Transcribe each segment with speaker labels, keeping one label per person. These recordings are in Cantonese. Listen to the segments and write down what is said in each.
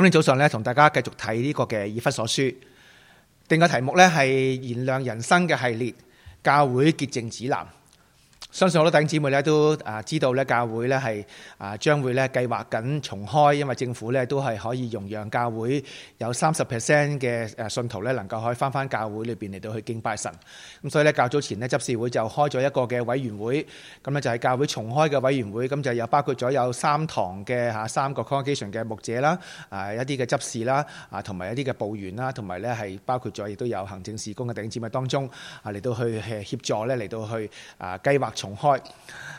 Speaker 1: 今日早上呢同大家繼續睇呢、這個嘅《以弗所書》，定個題目呢係《燃亮人生》嘅系列《教會潔淨指南》。相信好多弟兄姊妹咧都啊知道咧教會咧係啊將會咧計劃緊重開，因為政府咧都係可以容讓教會有三十 percent 嘅誒信徒咧能夠可以翻返教會裏邊嚟到去敬拜神。咁所以咧較早前咧執事會就開咗一個嘅委員會，咁咧就係教會重開嘅委員會，咁就有包括咗有三堂嘅吓三個 congregation 嘅牧者啦，啊一啲嘅執事啦，啊同埋一啲嘅部員啦，同埋咧係包括咗亦都有行政事工嘅弟兄姊妹當中啊嚟到去誒協助咧嚟到去啊計劃。重開，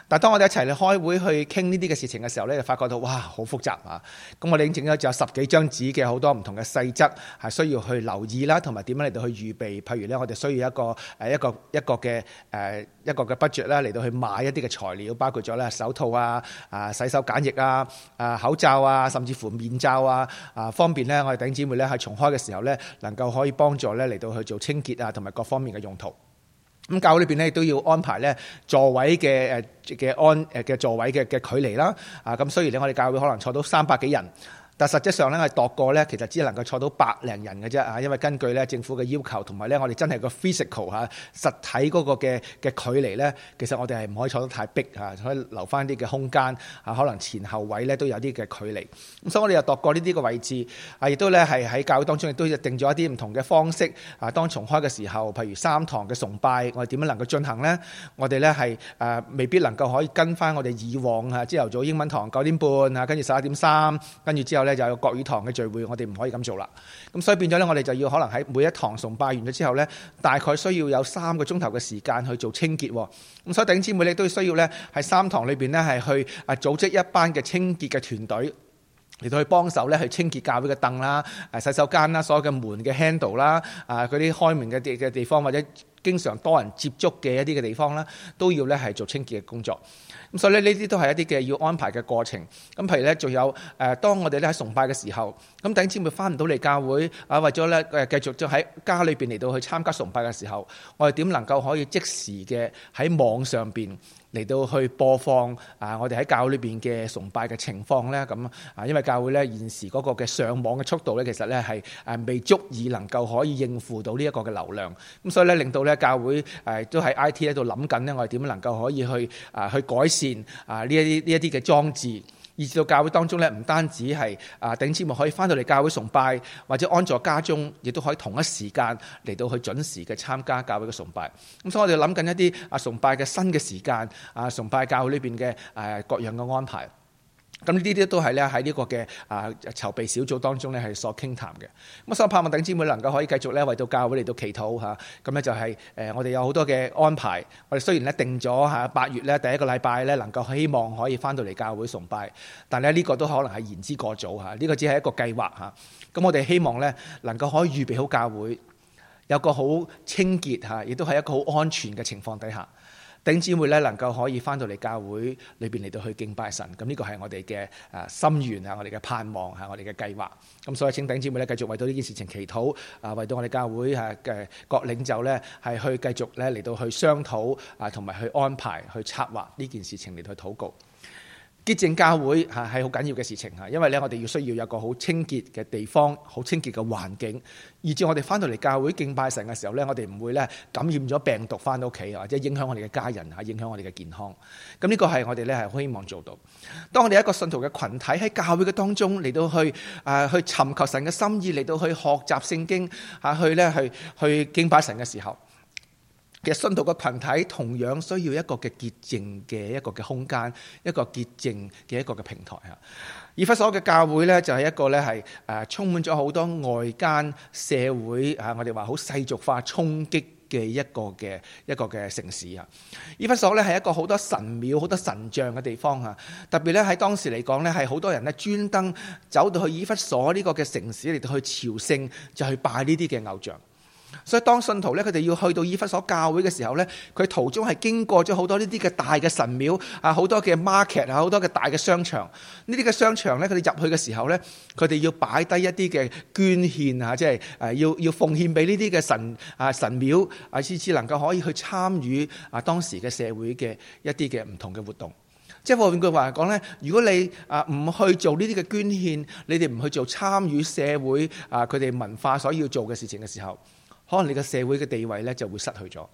Speaker 1: 但係當我哋一齊嚟開會去傾呢啲嘅事情嘅時候咧，就發覺到哇，好複雜啊！咁我拎整咗仲有十幾張紙嘅好多唔同嘅細則，係需要去留意啦，同埋點樣嚟到去預備。譬如咧，我哋需要一個誒一個一個嘅誒一個嘅 budget 啦，嚟到去買一啲嘅材料，包括咗咧手套啊、啊洗手簡液啊、啊口罩啊，甚至乎面罩啊啊方便咧，我哋頂姐妹咧喺重開嘅時候咧，能夠可以幫助咧嚟到去做清潔啊，同埋各方面嘅用途。咁教會裏邊咧，亦都要安排咧座位嘅誒嘅安誒嘅座位嘅嘅距離啦。啊，咁雖然咧，我哋教會可能坐到三百幾人。但實際上咧，我哋度過咧，其實只能夠坐到百零人嘅啫啊！因為根據咧政府嘅要求，同埋咧我哋真係個 physical 吓實體嗰個嘅嘅距離咧，其實我哋係唔可以坐得太逼嚇，可以留翻啲嘅空間啊。可能前後位咧都有啲嘅距離。咁所以我哋又度過呢啲嘅位置啊，亦都咧係喺教會當中亦都定咗一啲唔同嘅方式啊。當重開嘅時候，譬如三堂嘅崇拜，我哋點樣能夠進行咧？我哋咧係誒未必能夠可以跟翻我哋以往嚇朝頭早英文堂九點半啊，跟住十一點三，跟住之後就有國語堂嘅聚會，我哋唔可以咁做啦。咁所以變咗咧，我哋就要可能喺每一堂崇拜完咗之後咧，大概需要有三個鐘頭嘅時間去做清潔。咁所以頂尖姊妹咧都需要咧喺三堂裏邊咧係去啊組織一班嘅清潔嘅團隊嚟到去幫手咧去清潔教會嘅凳啦、啊洗手間啦、所有嘅門嘅 handle 啦、啊嗰啲開門嘅地嘅地方或者經常多人接觸嘅一啲嘅地方啦，都要咧係做清潔嘅工作。咁所以呢啲都係一啲嘅要安排嘅過程。咁譬如咧，仲有誒，當我哋咧喺崇拜嘅時候，咁頂先會翻唔到嚟教會啊，或者咧誒繼續就喺家裏邊嚟到去參加崇拜嘅時候，我哋點能夠可以即時嘅喺網上邊。嚟到去播放啊，我哋喺教裏邊嘅崇拜嘅情況咧，咁啊，因為教會咧現時嗰個嘅上網嘅速度咧，其實咧係誒未足以能夠可以應付到呢一個嘅流量，咁所以咧令到咧教會誒都喺 IT 咧度諗緊咧，我哋點樣能夠可以去啊去改善啊呢一啲呢一啲嘅裝置。而至到教會當中咧，唔單止係啊頂先可以返到嚟教會崇拜，或者安坐家中，亦都可以同一時間嚟到去準時嘅參加教會嘅崇拜。咁所以我哋諗緊一啲啊崇拜嘅新嘅時間，啊崇拜教會呢邊嘅誒各樣嘅安排。咁呢啲都係咧，喺呢個嘅啊籌備小組當中咧，係所傾談嘅。咁所盼望派文弟兄姊妹能夠可以繼續咧，為到教會嚟到祈禱吓。咁咧，就係誒我哋有好多嘅安排。我哋雖然咧，定咗嚇，八月咧，第一個禮拜咧，能夠希望可以翻到嚟教會崇拜，但係咧，呢個都可能係言之過早吓，呢個只係一個計劃嚇。咁我哋希望咧，能夠可以預備好教會，有個好清潔嚇，亦都係一個好安全嘅情況底下。頂姊妹咧，能夠可以翻到嚟教會裏邊嚟到去敬拜神，咁呢個係我哋嘅誒心願啊，我哋嘅盼望嚇，我哋嘅計劃。咁所以請頂姊妹咧，繼續為到呢件事情祈禱啊，為到我哋教會誒嘅各領袖咧，係去繼續咧嚟到去商討啊，同埋去安排、去策劃呢件事情嚟到去禱告。潔淨教會吓係好緊要嘅事情吓，因為咧我哋要需要有個好清潔嘅地方、好清潔嘅環境，以至我哋翻到嚟教會敬拜神嘅時候咧，我哋唔會咧感染咗病毒翻到屋企，或者影響我哋嘅家人吓，影響我哋嘅健康。咁呢個係我哋咧係希望做到。當我哋一個信徒嘅群體喺教會嘅當中嚟到去誒去尋求神嘅心意，嚟到去學習聖經吓，去咧去去敬拜神嘅時候。嘅信徒嘅羣體同樣需要一個嘅潔淨嘅一個嘅空間，一個潔淨嘅一個嘅平台啊！以弗所嘅教會呢，就係一個呢，係誒充滿咗好多外間社會啊，我哋話好世俗化衝擊嘅一個嘅一個嘅城市啊！以弗所呢，係一個好多神廟、好多神像嘅地方啊！特別呢，喺當時嚟講呢係好多人咧專登走到去以弗所呢個嘅城市嚟到去朝聖，就去拜呢啲嘅偶像。所以當信徒咧，佢哋要去到以弗所教會嘅時候咧，佢途中係經過咗好多呢啲嘅大嘅神廟啊，好多嘅 market 啊，好多嘅大嘅商場。呢啲嘅商場咧，佢哋入去嘅時候咧，佢哋要擺低一啲嘅捐獻啊，即係誒要要奉獻俾呢啲嘅神啊神廟啊，先至能夠可以去參與啊當時嘅社會嘅一啲嘅唔同嘅活動。即係換句話嚟講咧，如果你啊唔去做呢啲嘅捐獻，你哋唔去做參與社會啊佢哋文化所要做嘅事情嘅時候。可能你嘅社會嘅地位咧就會失去咗，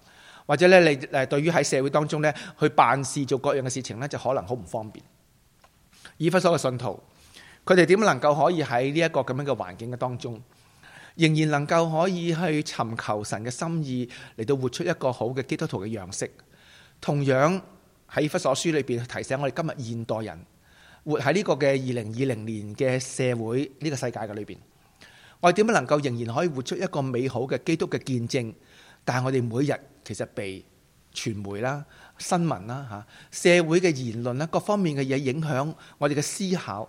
Speaker 1: 或者咧你誒對於喺社會當中咧去辦事做各樣嘅事情咧就可能好唔方便。以弗所嘅信徒，佢哋點能夠可以喺呢一個咁樣嘅環境嘅當中，仍然能夠可以去尋求神嘅心意嚟到活出一個好嘅基督徒嘅樣式？同樣喺以弗所書裏邊提醒我哋今日現代人活喺呢個嘅二零二零年嘅社會呢個世界嘅裏邊。我哋點樣能夠仍然可以活出一個美好嘅基督嘅見證？但係我哋每日其實被傳媒啦、新聞啦、吓社會嘅言論啦，各方面嘅嘢影響我哋嘅思考。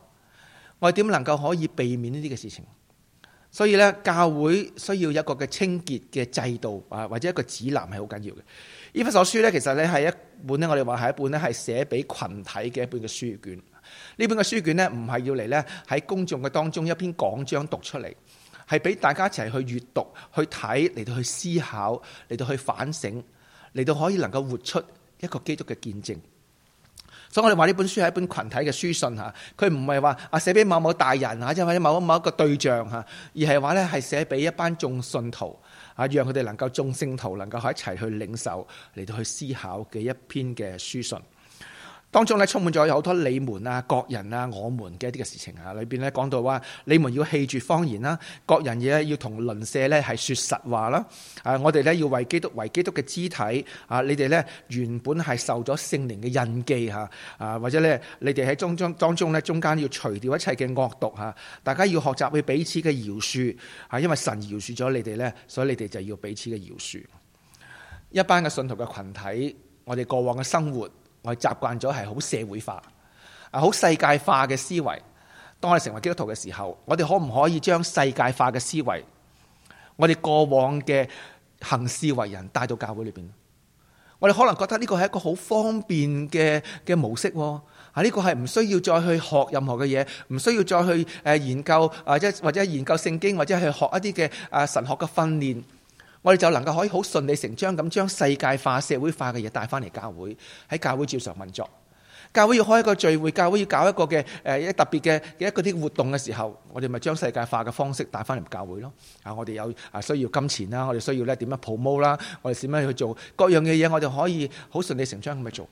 Speaker 1: 我哋點能夠可以避免呢啲嘅事情？所以咧，教會需要一個嘅清潔嘅制度啊，或者一個指南係好緊要嘅。呢本所書咧，其實咧係一本咧，我哋話係一本咧係寫俾群體嘅一本嘅書卷。呢本嘅書卷咧，唔係要嚟咧喺公眾嘅當中一篇講章讀出嚟。係俾大家一齊去閱讀、去睇、嚟到去思考、嚟到去反省、嚟到可以能夠活出一個基督嘅見證。所以我哋話呢本書係一本群體嘅書信吓，佢唔係話啊，寫俾某某大人啊，或者某某某一個對象吓，而係話呢係寫俾一班眾信徒啊，讓佢哋能夠眾信徒能夠喺一齊去領受、嚟到去思考嘅一篇嘅書信。當中咧充滿咗有好多你們啊、各人啊、我們嘅一啲嘅事情啊，裏邊咧講到話，你們要棄絕方言啦，各人嘢要同鄰舍咧係說實話啦。啊，我哋咧要為基督為基督嘅肢體啊，你哋咧原本係受咗聖靈嘅印記吓啊，或者咧你哋喺中中當中咧中間要除掉一切嘅惡毒吓，大家要學習去彼此嘅饒恕啊，因為神饒恕咗你哋咧，所以你哋就要彼此嘅饒恕。一班嘅信徒嘅群體，我哋過往嘅生活。我習慣咗係好社會化，好世界化嘅思維。當我哋成為基督徒嘅時候，我哋可唔可以將世界化嘅思維，我哋過往嘅行事為人帶到教會裏邊？我哋可能覺得呢個係一個好方便嘅嘅模式，啊，呢個係唔需要再去學任何嘅嘢，唔需要再去誒研究或者或者研究聖經，或者去學一啲嘅誒神學嘅訓練。我哋就能夠可以好順理成章咁將世界化、社會化嘅嘢帶翻嚟教會，喺教會照常運作。教會要開一個聚會，教會要搞一個嘅誒一特別嘅一啲活動嘅時候，我哋咪將世界化嘅方式帶翻嚟教會咯。啊，我哋有啊需要金錢啦，我哋需要咧點樣 promote 啦，我哋點樣去做各樣嘅嘢，我哋可以好順理成章咁去做。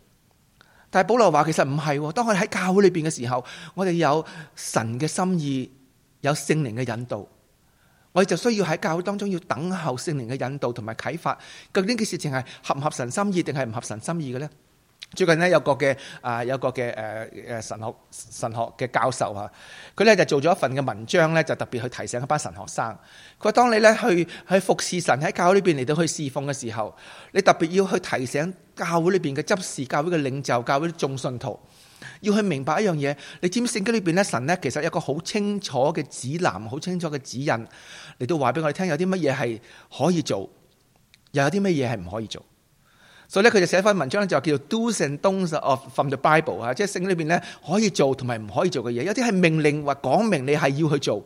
Speaker 1: 但係保羅話，其實唔係喎，當我哋喺教會裏邊嘅時候，我哋有神嘅心意，有聖靈嘅引導。我哋就需要喺教會當中要等候聖靈嘅引導同埋啟發，究竟嘅事情係合唔合神心意，定係唔合神心意嘅呢？最近呢，有個嘅啊，有個嘅誒誒神學神學嘅教授啊，佢咧就做咗一份嘅文章咧，就特別去提醒一班神學生。佢話當你咧去去服侍神喺教會裏面嚟到去侍奉嘅時候，你特別要去提醒教會裏面嘅執事、教會嘅領袖、教會嘅眾信徒。要去明白一樣嘢，你知唔知聖經裏邊咧，神咧其實有個好清楚嘅指南，好清楚嘅指引嚟到話俾我哋聽，有啲乜嘢係可以做，又有啲乜嘢係唔可以做。所以咧佢就寫翻文章咧就叫做 Do’s and Don’ts of From the Bible 啊，即係聖經裏邊咧可以做同埋唔可以做嘅嘢，有啲係命令或講明你係要去做，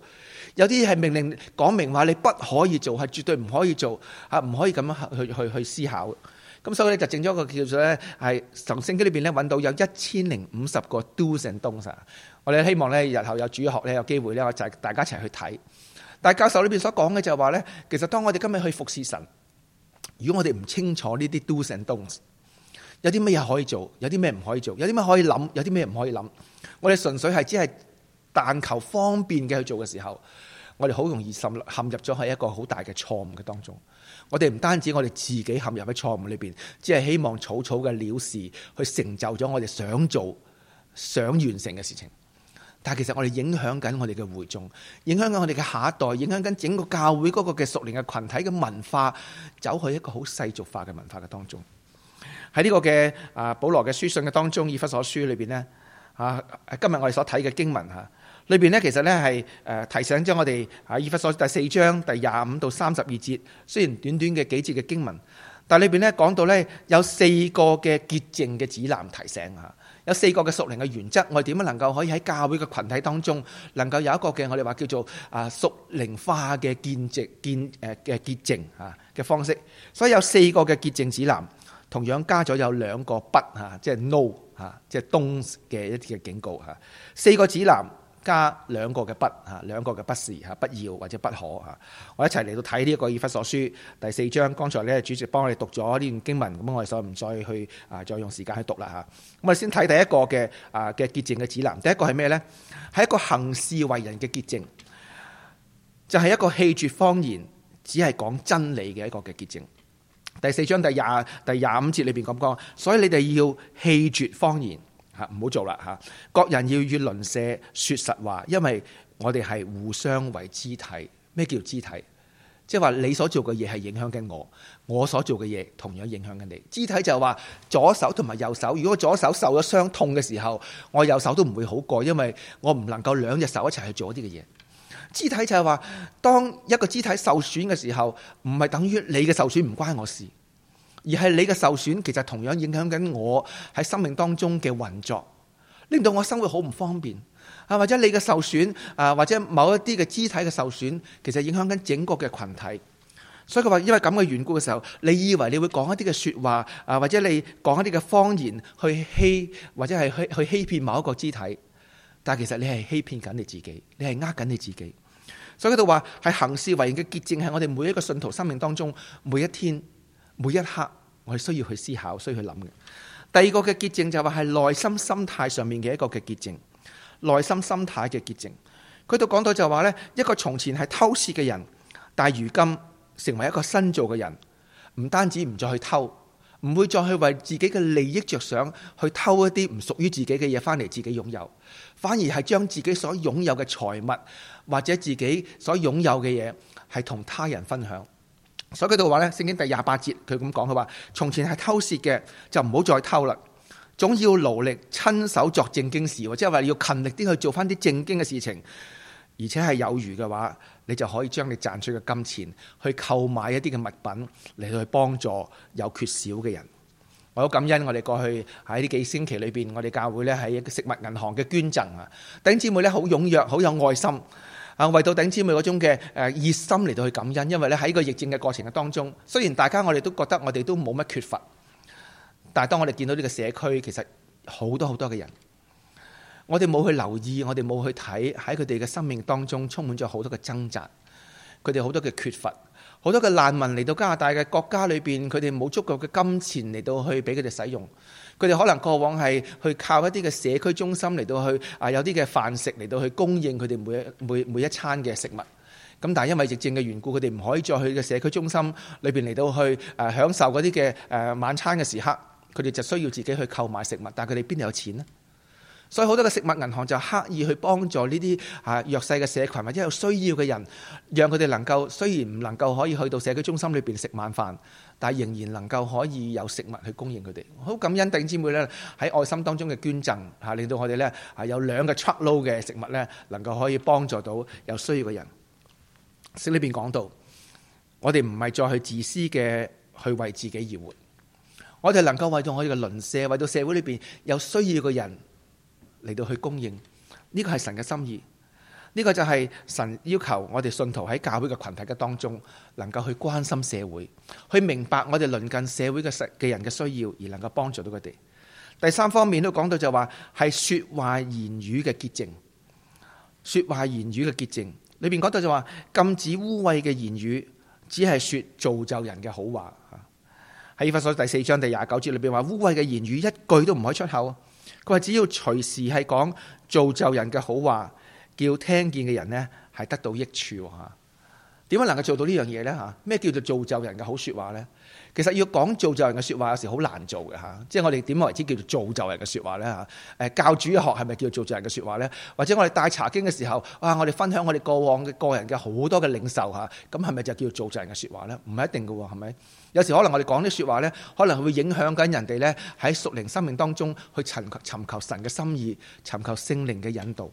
Speaker 1: 有啲係命令講明話你不可以做，係絕對唔可以做啊，唔可以咁樣去去去思考。咁所以咧就整咗一個叫做咧係神聖經裏邊咧揾到有一千零五十個 do’s and don’t。我哋希望咧日後有主學咧有機會咧就係大家一齊去睇。但係教授裏邊所講嘅就係話咧，其實當我哋今日去服侍神，如果我哋唔清楚呢啲 do’s and don’t，有啲乜嘢可以做，有啲咩唔可以做，有啲咩可以諗，有啲咩唔可以諗，我哋純粹係只係但求方便嘅去做嘅時候，我哋好容易滲陷入咗喺一個好大嘅錯誤嘅當中。我哋唔單止我哋自己陷入喺錯誤裏邊，只係希望草草嘅了事，去成就咗我哋想做、想完成嘅事情。但係其實我哋影響緊我哋嘅會眾，影響緊我哋嘅下一代，影響緊整個教會嗰個嘅屬靈嘅群體嘅文化，走去一個好世俗化嘅文化嘅當中。喺呢個嘅啊，保羅嘅書信嘅當中，以弗所書裏邊呢，啊，今日我哋所睇嘅經文嚇。裏邊咧，其實咧係誒提醒咗我哋阿，以弗所第四章第廿五到三十二節，雖然短短嘅幾節嘅經文，但係裏邊咧講到咧有四個嘅潔淨嘅指南提醒嚇，有四個嘅屬靈嘅原則，我哋點樣能夠可以喺教會嘅群體當中，能夠有一個嘅我哋話叫做靈的啊屬靈化嘅見證見誒嘅潔淨嚇嘅方式，所以有四個嘅潔淨指南，同樣加咗有兩個不嚇，即係 no 嚇，即係 don't 嘅一啲嘅警告嚇，四個指南。加兩個嘅不嚇，兩個嘅不是嚇，不要或者不可嚇。我一齊嚟到睇呢一個以弗所書第四章。剛才咧主席幫我哋讀咗呢段經文，咁我哋所以唔再去啊，再用時間去讀啦嚇。咁我哋先睇第一個嘅啊嘅潔淨嘅指南。第一個係咩呢？係一個行事為人嘅潔淨，就係一個棄絕謊言，只係講真理嘅一個嘅潔淨。第四章第廿第廿五節裏邊咁講，所以你哋要棄絕謊言。唔好做啦吓！各人要與鄰舍說實話，因為我哋係互相為肢體。咩叫肢體？即係話你所做嘅嘢係影響緊我，我所做嘅嘢同樣影響緊你。肢體就係話左手同埋右手，如果左手受咗傷痛嘅時候，我右手都唔會好過，因為我唔能夠兩隻手一齊去做一啲嘅嘢。肢體就係話，當一個肢體受損嘅時候，唔係等於你嘅受損唔關我事。而係你嘅受損，其實同樣影響緊我喺生命當中嘅運作，令到我生活好唔方便。啊，或者你嘅受損，啊，或者某一啲嘅肢體嘅受損，其實影響緊整個嘅群體。所以佢話因為咁嘅緣故嘅時候，你以為你會講一啲嘅說話，啊，或者你講一啲嘅謊言去欺，或者係去去欺騙某一個肢體，但其實你係欺騙緊你自己，你係呃緊你自己。所以佢度話係行事為人嘅結症，係我哋每一個信徒生命當中每一天，每一刻，我係需要去思考，需要去諗嘅。第二個嘅潔淨就話係內心心態上面嘅一個嘅潔淨，內心心態嘅潔淨。佢度講到就話呢一個從前係偷竊嘅人，但如今成為一個新造嘅人，唔單止唔再去偷，唔會再去為自己嘅利益着想，去偷一啲唔屬於自己嘅嘢返嚟自己擁有，反而係將自己所擁有嘅財物或者自己所擁有嘅嘢，係同他人分享。所以佢度話咧，聖經第廿八節佢咁講，佢話從前係偷竊嘅，就唔好再偷啦，總要勞力親手作正經事，或者係話要勤力啲去做翻啲正經嘅事情，而且係有餘嘅話，你就可以將你賺取嘅金錢去購買一啲嘅物品嚟去幫助有缺少嘅人。我好感恩我哋過去喺呢幾星期裏邊，我哋教會咧喺一個食物銀行嘅捐贈啊，弟兄姊妹咧好踴躍，好有愛心。啊，為到頂姊妹嗰種嘅誒熱心嚟到去感恩，因為咧喺個疫症嘅過程嘅當中，雖然大家我哋都覺得我哋都冇乜缺乏，但係當我哋見到呢個社區，其實好多好多嘅人，我哋冇去留意，我哋冇去睇喺佢哋嘅生命當中充滿咗好多嘅掙扎，佢哋好多嘅缺乏，好多嘅難民嚟到加拿大嘅國家裏邊，佢哋冇足夠嘅金錢嚟到去俾佢哋使用。佢哋可能過往係去靠一啲嘅社區中心嚟到去啊，有啲嘅飯食嚟到去供應佢哋每每每一餐嘅食物。咁但係因為疫症嘅緣故，佢哋唔可以再去嘅社區中心裏邊嚟到去誒享受嗰啲嘅誒晚餐嘅時刻。佢哋就需要自己去購買食物，但係佢哋邊度有錢呢？所以好多嘅食物銀行就刻意去幫助呢啲啊弱勢嘅社群或者有需要嘅人，讓佢哋能夠雖然唔能夠可以去到社區中心裏邊食晚飯。但係仍然能夠可以有食物去供應佢哋，好感恩頂姊妹咧喺愛心當中嘅捐贈吓，令到我哋咧係有兩個 truck load 嘅食物咧，能夠可以幫助到有需要嘅人。聖經裏邊講到，我哋唔係再去自私嘅去為自己而活，我哋能夠為到我哋嘅鄰舍，為到社會裏邊有需要嘅人嚟到去供應。呢個係神嘅心意。呢個就係神要求我哋信徒喺教會嘅群體嘅當中，能夠去關心社會，去明白我哋鄰近社會嘅實嘅人嘅需要，而能夠幫助到佢哋。第三方面都講到就話係說，說話言語嘅潔淨，說話言語嘅潔淨裏面講到就話禁止污穢嘅言語，只係說造就人嘅好話。喺《以弗所》第四章第廿九節裏邊話污穢嘅言語一句都唔可以出口。佢話只要隨時係講造就人嘅好話。叫聽見嘅人呢係得到益處吓，點樣能夠做到呢樣嘢呢？吓？咩叫做造就人嘅好說話呢？其實要講造就人嘅說話，有時好難做嘅吓。即係我哋點為之叫做造就人嘅說話呢？吓？教主嘅學係咪叫做造就人嘅說話呢？或者我哋帶查經嘅時候，哇、啊！我哋分享我哋過往嘅個人嘅好多嘅領受吓，咁係咪就叫做造就人嘅說話呢？唔係一定嘅喎，係咪？有時可能我哋講啲說話呢，可能會影響緊人哋呢喺屬靈生命當中去尋尋求神嘅心意，尋求聖靈嘅引導。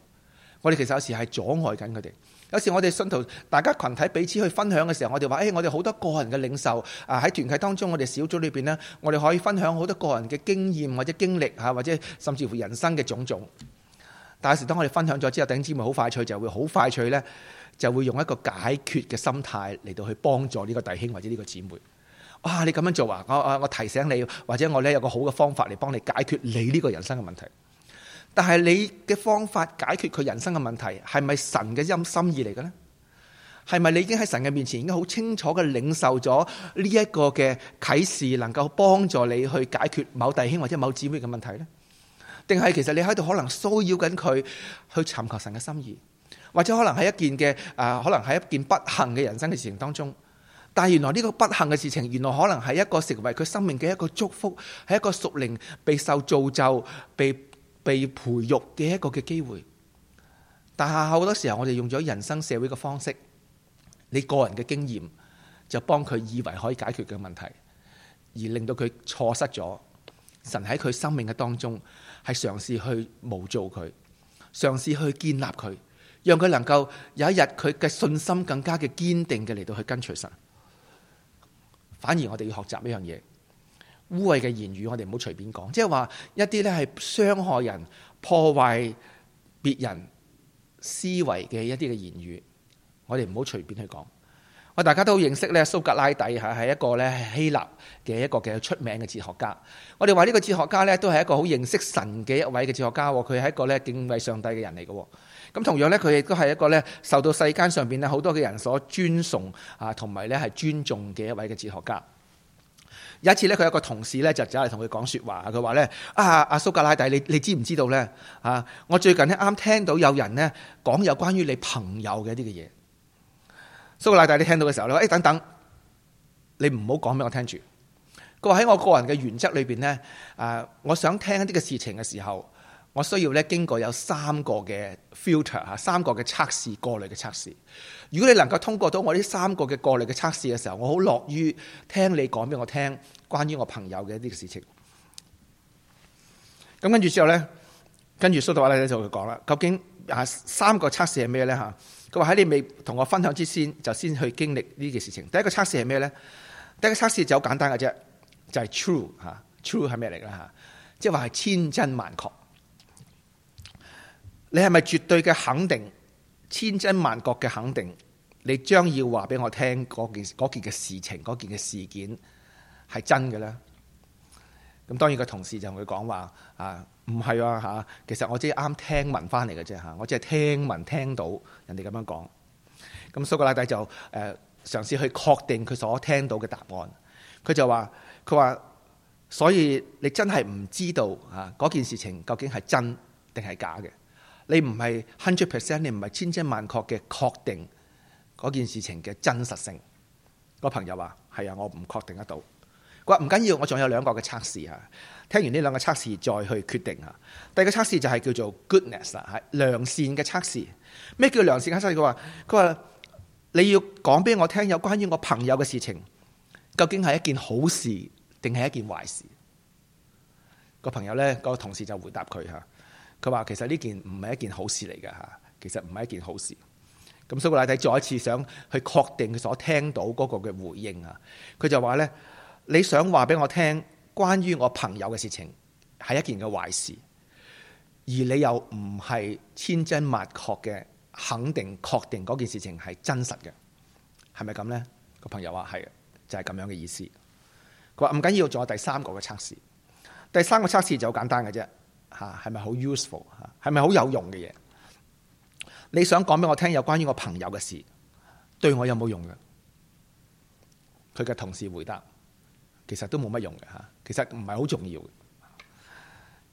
Speaker 1: 我哋其實有時係阻礙緊佢哋，有時我哋信徒大家群體彼此去分享嘅時候，我哋話：誒、哎，我哋好多個人嘅領袖啊，喺團契當中，我哋小組裏邊呢，我哋可以分享好多個人嘅經驗或者經歷吓，或者甚至乎人生嘅種種。但係有時當我哋分享咗之後，弟兄姊妹好快脆，就會好快脆呢，就會用一個解決嘅心態嚟到去幫助呢個弟兄或者呢個姊妹。哇、啊！你咁樣做啊？我我提醒你，或者我呢，有個好嘅方法嚟幫你解決你呢個人生嘅問題。但係你嘅方法解決佢人生嘅問題，係咪神嘅陰心意嚟嘅呢？係咪你已經喺神嘅面前已經好清楚嘅領受咗呢一個嘅啟示，能夠幫助你去解決某弟兄或者某姊妹嘅問題呢？定係其實你喺度可能騷擾緊佢去尋求神嘅心意，或者可能係一件嘅誒，可能係一件不幸嘅人生嘅事情當中。但係原來呢個不幸嘅事情，原來可能係一個成為佢生命嘅一個祝福，係一個屬靈被受造就被。被培育嘅一個嘅機會，但係好多時候我哋用咗人生社會嘅方式，你個人嘅經驗就幫佢以為可以解決嘅問題，而令到佢錯失咗神喺佢生命嘅當中，係嘗試去模造佢，嘗試去建立佢，讓佢能夠有一日佢嘅信心更加嘅堅定嘅嚟到去跟隨神。反而我哋要學習呢樣嘢。污穢嘅言語，我哋唔好隨便講，即係話一啲咧，係傷害人、破壞別人思維嘅一啲嘅言語，我哋唔好隨便去講。我大家都好認識咧，蘇格拉底吓，係一個咧希臘嘅一個嘅出名嘅哲學家。我哋話呢個哲學家咧都係一個好認識神嘅一位嘅哲學家，佢係一個咧，敬畏上帝嘅人嚟嘅。咁同樣咧，佢亦都係一個咧受到世間上邊咧好多嘅人所尊崇啊，同埋咧係尊重嘅一位嘅哲學家。有一次咧，佢有個同事咧就走嚟同佢講説話，佢話咧：啊，阿、啊、蘇格拉底，你你知唔知道咧？啊，我最近咧啱聽到有人咧講有關於你朋友嘅一啲嘅嘢。蘇格拉底，你聽到嘅時候咧，誒、哎、等等，你唔好講俾我聽住。佢話喺我個人嘅原則裏邊咧，啊，我想聽一啲嘅事情嘅時候。我需要咧，經過有三個嘅 filter 嚇，三個嘅測試過濾嘅測試。如果你能夠通過到我呢三個嘅過濾嘅測試嘅時候，我好樂於聽你講俾我聽關於我朋友嘅一啲事情。咁跟住之後呢，跟住蘇德華咧就會講啦，究竟啊三個測試係咩呢？嚇？佢話喺你未同我分享之前，就先去經歷呢件事情。第一個測試係咩呢？第一個測試就好簡單嘅啫，就係、是、true 嚇、啊，true 係咩嚟噶嚇？即係話係千真萬確。你係咪絕對嘅肯定，千真萬確嘅肯定，你將要話俾我聽嗰件件嘅事情嗰件嘅事件係真嘅呢？咁當然個同事就同佢講話：，啊，唔係啊吓，啊，其實我只係啱聽聞翻嚟嘅啫吓，我只係聽聞聽到人哋咁樣講。咁蘇格拉底就誒，嘗試去確定佢所聽到嘅答案。佢就話：，佢話所以你真係唔知道啊嗰件事情究竟係真定係假嘅？你唔係 hundred percent，你唔係千真萬確嘅確定嗰件事情嘅真實性。那個朋友話：，係啊，我唔確定得到。佢話唔緊要，我仲有兩個嘅測試啊。聽完呢兩個測試再去決定啊。第二個測試就係叫做 goodness 啦，係良善嘅測試。咩叫良善嘅測試？佢話：佢話你要講俾我聽，有關於我朋友嘅事情，究竟係一件好事定係一件壞事？那個朋友呢，那個同事就回答佢嚇。佢話：其實呢件唔係一件好事嚟嘅嚇，其實唔係一件好事。咁蘇格拉底再一次想去確定佢所聽到嗰個嘅回應啊，佢就話呢，你想話俾我聽關於我朋友嘅事情係一件嘅壞事，而你又唔係千真萬確嘅肯定確定嗰件事情係真實嘅，係咪咁呢？」個朋友話係，就係、是、咁樣嘅意思。佢話唔緊要緊，仲有第三個嘅測試。第三個測試就好簡單嘅啫。吓係咪好 useful 吓，係咪好有用嘅嘢？你想講俾我聽有關於我朋友嘅事，對我有冇用嘅？佢嘅同事回答，其實都冇乜用嘅吓，其實唔係好重要嘅。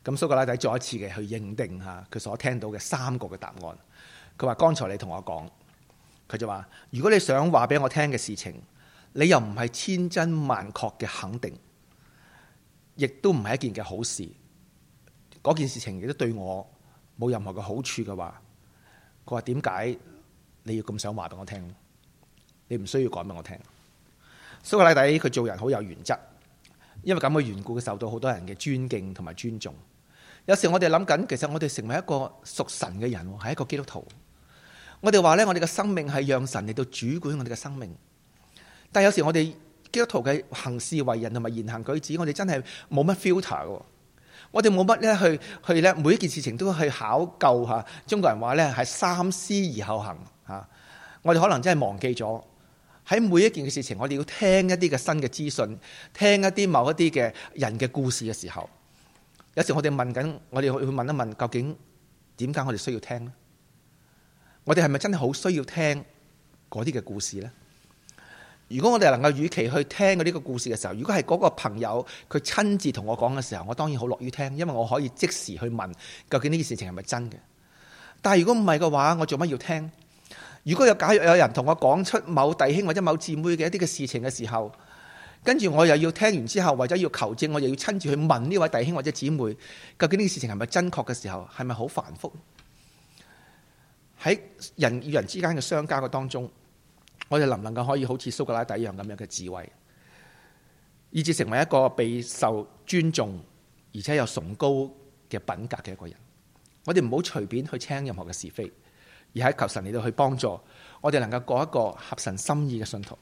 Speaker 1: 咁蘇格拉底再一次嘅去認定吓，佢所聽到嘅三個嘅答案。佢話剛才你同我講，佢就話，如果你想話俾我聽嘅事情，你又唔係千真萬確嘅肯定，亦都唔係一件嘅好事。嗰件事情亦都對我冇任何嘅好處嘅話，佢話點解你要咁想話俾我聽？你唔需要講俾我聽。蘇格拉底佢做人好有原則，因為咁嘅緣故，佢受到好多人嘅尊敬同埋尊重。有時我哋諗緊，其實我哋成為一個屬神嘅人，係一個基督徒。我哋話呢，我哋嘅生命係讓神嚟到主管我哋嘅生命。但有時我哋基督徒嘅行事為人同埋言行舉止，我哋真係冇乜 filter 嘅。我哋冇乜咧去去咧，每一件事情都去考究吓，中國人話咧係三思而後行吓。我哋可能真係忘記咗喺，每一件嘅事情，我哋要聽一啲嘅新嘅資訊，聽一啲某一啲嘅人嘅故事嘅時候，有時我哋問緊，我哋去去問一問，究竟點解我哋需要聽呢？我哋係咪真係好需要聽嗰啲嘅故事呢？如果我哋能夠與其去聽佢呢個故事嘅時候，如果係嗰個朋友佢親自同我講嘅時候，我當然好樂於聽，因為我可以即時去問，究竟呢件事情係咪真嘅？但係如果唔係嘅話，我做乜要聽？如果有假若有人同我講出某弟兄或者某姊妹嘅一啲嘅事情嘅時候，跟住我又要聽完之後，或者要求證，我又要親自去問呢位弟兄或者姊妹，究竟呢件事情係咪真確嘅時候，係咪好繁複？喺人與人之間嘅相交嘅當中。我哋能唔能夠可以好似蘇格拉底一樣咁樣嘅智慧，以至成為一個備受尊重而且又崇高嘅品格嘅一個人？我哋唔好隨便去聽任何嘅是非，而喺求神你度去幫助我哋，能夠過一個合神心意嘅信徒。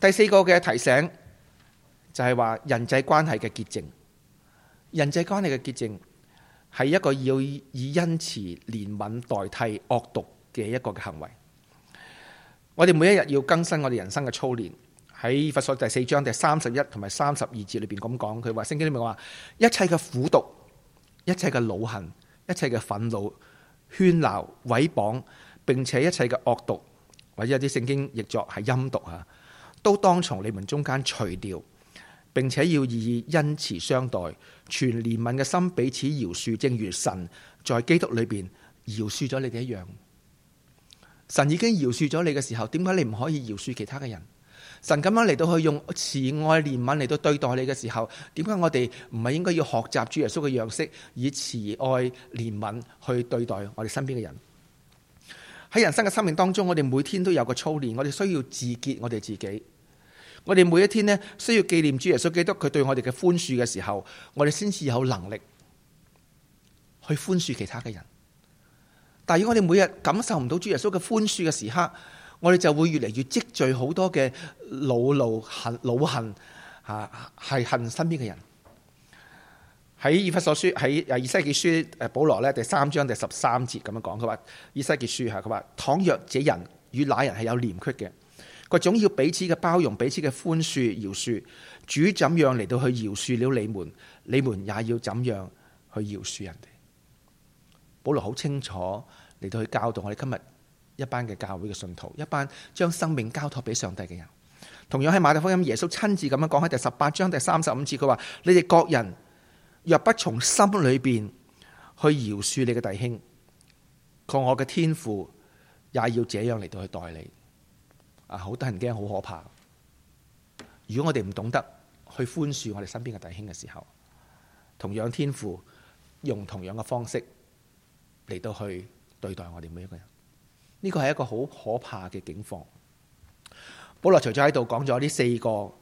Speaker 1: 第四個嘅提醒就係話人際關係嘅潔淨，人際關係嘅潔淨係一個要以恩慈、憐憫代替惡毒嘅一個嘅行為。我哋每一日要更新我哋人生嘅操練，喺《弗所》第四章第三十一同埋三十二節裏邊咁講，佢話聖經裏面話一切嘅苦毒、一切嘅惱恨、一切嘅憤怒、喧鬧、毀謗，並且一切嘅惡毒，或者一啲聖經譯作係陰毒啊，都當從你們中間除掉，並且要以恩慈相待，全憐憫嘅心彼此饒恕，正如神在基督裏邊饒恕咗你哋一樣。神已經饒恕咗你嘅時候，點解你唔可以饒恕其他嘅人？神咁樣嚟到去用慈愛憐憫嚟到對待你嘅時候，點解我哋唔係應該要學習主耶穌嘅樣式，以慈愛憐憫去對待我哋身邊嘅人？喺人生嘅生命當中，我哋每天都有個操練，我哋需要自潔我哋自己。我哋每一天呢，需要紀念主耶穌基督，記得佢對我哋嘅寬恕嘅時候，我哋先至有能力去寬恕其他嘅人。但係如果我哋每日感受唔到主耶穌嘅寬恕嘅時刻，我哋就會越嚟越積聚好多嘅惱怒、恨、老恨吓，係恨身邊嘅人。喺以弗所書喺啊以西結書誒保羅咧第三章第十三節咁樣講，佢話以西結書吓，佢話倘若這人與那人係有嫌隙嘅，佢總要彼此嘅包容、彼此嘅寬恕、饒恕。主怎樣嚟到去饒恕了你們，你們也要怎樣去饒恕人哋。保羅好清楚嚟到去教導我哋今日一班嘅教會嘅信徒，一班將生命交託俾上帝嘅人，同樣喺馬太福音耶穌親自咁樣講喺第十八章第三十五節，佢話：你哋各人若不從心裏邊去饒恕你嘅弟兄，靠我嘅天父也要這樣嚟到去代你。啊，好得人驚，好可怕！如果我哋唔懂得去寬恕我哋身邊嘅弟兄嘅時候，同樣天父用同樣嘅方式。嚟到去對待我哋每一個人，呢個係一個好可怕嘅境況。保羅除咗喺度講咗呢四個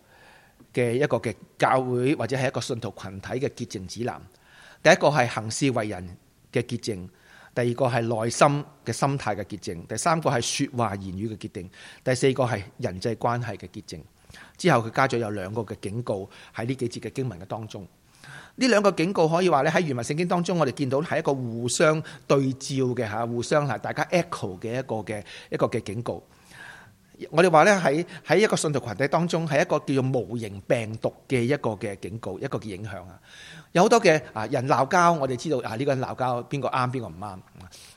Speaker 1: 嘅一個嘅教會或者係一個信徒群體嘅潔淨指南，第一個係行事為人嘅潔淨，第二個係內心嘅心態嘅潔淨，第三個係説話言語嘅潔淨，第四個係人際關係嘅潔淨。之後佢加咗有兩個嘅警告喺呢幾節嘅經文嘅當中。呢兩個警告可以話咧喺原文聖經當中，我哋見到係一個互相對照嘅嚇，互相啊大家 echo 嘅一個嘅一個嘅警告。我哋話咧喺喺一個信徒群體當中，係一個叫做無形病毒嘅一個嘅警告，一個嘅影響啊。有好多嘅啊人鬧交，我哋知道啊呢個人鬧交，邊個啱邊個唔啱，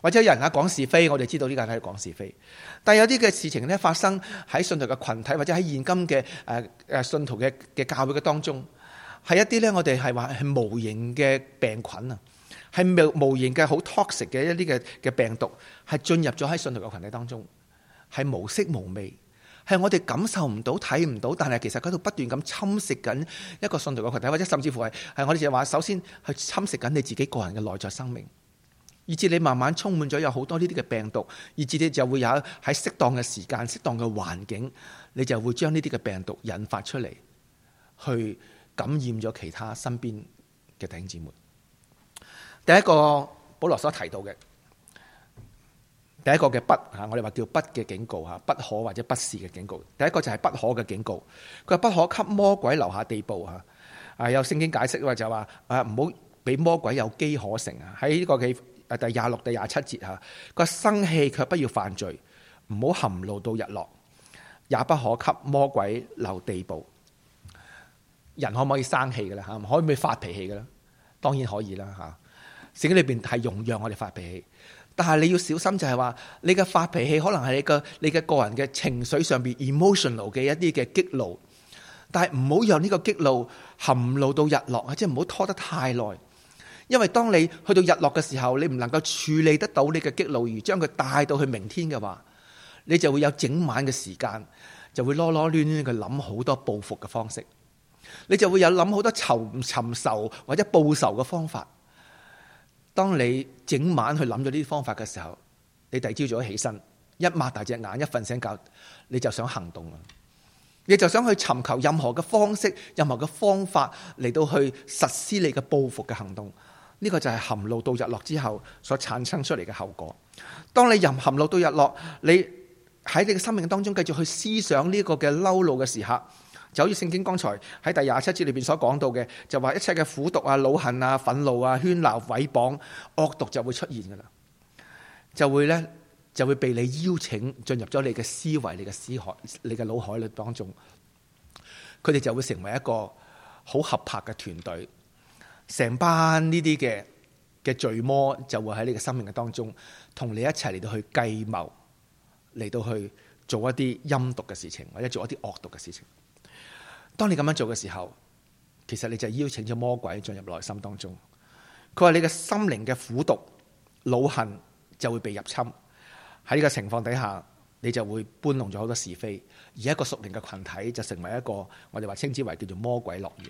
Speaker 1: 或者有人啊講是非，我哋知道呢個人喺度講是非。但係有啲嘅事情咧發生喺信徒嘅群體，或者喺現今嘅誒誒信徒嘅嘅教會嘅當中。係一啲咧，我哋係話係無形嘅病菌啊，係無，無形嘅好 toxic 嘅一啲嘅嘅病毒，係進入咗喺信徒嘅群體當中，係無色無味，係我哋感受唔到、睇唔到，但係其實喺度不斷咁侵蝕緊一個信徒嘅群體，或者甚至乎係係我哋就話，首先係侵蝕緊你自己個人嘅內在生命，以至你慢慢充滿咗有好多呢啲嘅病毒，以至你就會有喺適當嘅時間、適當嘅環境，你就會將呢啲嘅病毒引發出嚟去。感染咗其他身邊嘅弟兄姊妹。第一個，保羅所提到嘅，第一個嘅不嚇，我哋話叫不嘅警告嚇，不可或者不是嘅警告。第一個就係不可嘅警告。佢話不可給魔鬼留下地步嚇。啊，有聖經解釋啊嘛，就話啊唔好俾魔鬼有機可乘啊。喺呢個嘅第廿六、第廿七節嚇，佢話生氣卻不要犯罪，唔好含怒到日落，也不可給魔鬼留地步。人可唔可以生氣嘅咧？嚇，可唔可以發脾氣嘅咧？當然可以啦，嚇。聖經裏邊係容讓我哋發脾氣，但係你要小心，就係話你嘅發脾氣可能係你嘅你嘅個人嘅情緒上邊 emotional 嘅一啲嘅激怒，但係唔好由呢個激怒含怒到日落，即係唔好拖得太耐。因為當你去到日落嘅時候，你唔能夠處理得到你嘅激怒，而將佢帶到去明天嘅話，你就會有整晚嘅時間，就會囉囉攣攣嘅諗好多報復嘅方式。你就會有諗好多仇、尋仇或者報仇嘅方法。當你整晚去諗咗呢啲方法嘅時候，你第二朝早起身一擘大隻眼一瞓醒覺，你就想行動啦，你就想去尋求任何嘅方式、任何嘅方法嚟到去實施你嘅報復嘅行動。呢、呢個就係含怒到日落之後所產生出嚟嘅後果。當你任含怒到日落，你喺你嘅生命當中繼續去思想呢個嘅嬲怒嘅時刻。就好似聖經剛才喺第廿七節裏邊所講到嘅，就話一切嘅苦毒啊、惱恨啊、憤怒啊、喧鬧、毀謗、惡毒就會出現噶啦，就會咧，就會被你邀請進入咗你嘅思維、你嘅思海、你嘅腦海裏當中，佢哋就會成為一個好合拍嘅團隊，成班呢啲嘅嘅罪魔就會喺你嘅生命嘅當中同你一齊嚟到去計謀嚟到去做一啲陰毒嘅事情，或者做一啲惡毒嘅事情。當你咁樣做嘅時候，其實你就邀請咗魔鬼進入內心當中。佢話你嘅心靈嘅苦毒、惱恨就會被入侵。喺呢個情況底下，你就會搬弄咗好多是非，而一個屬靈嘅群體就成為一個我哋話稱之為叫做魔鬼樂園。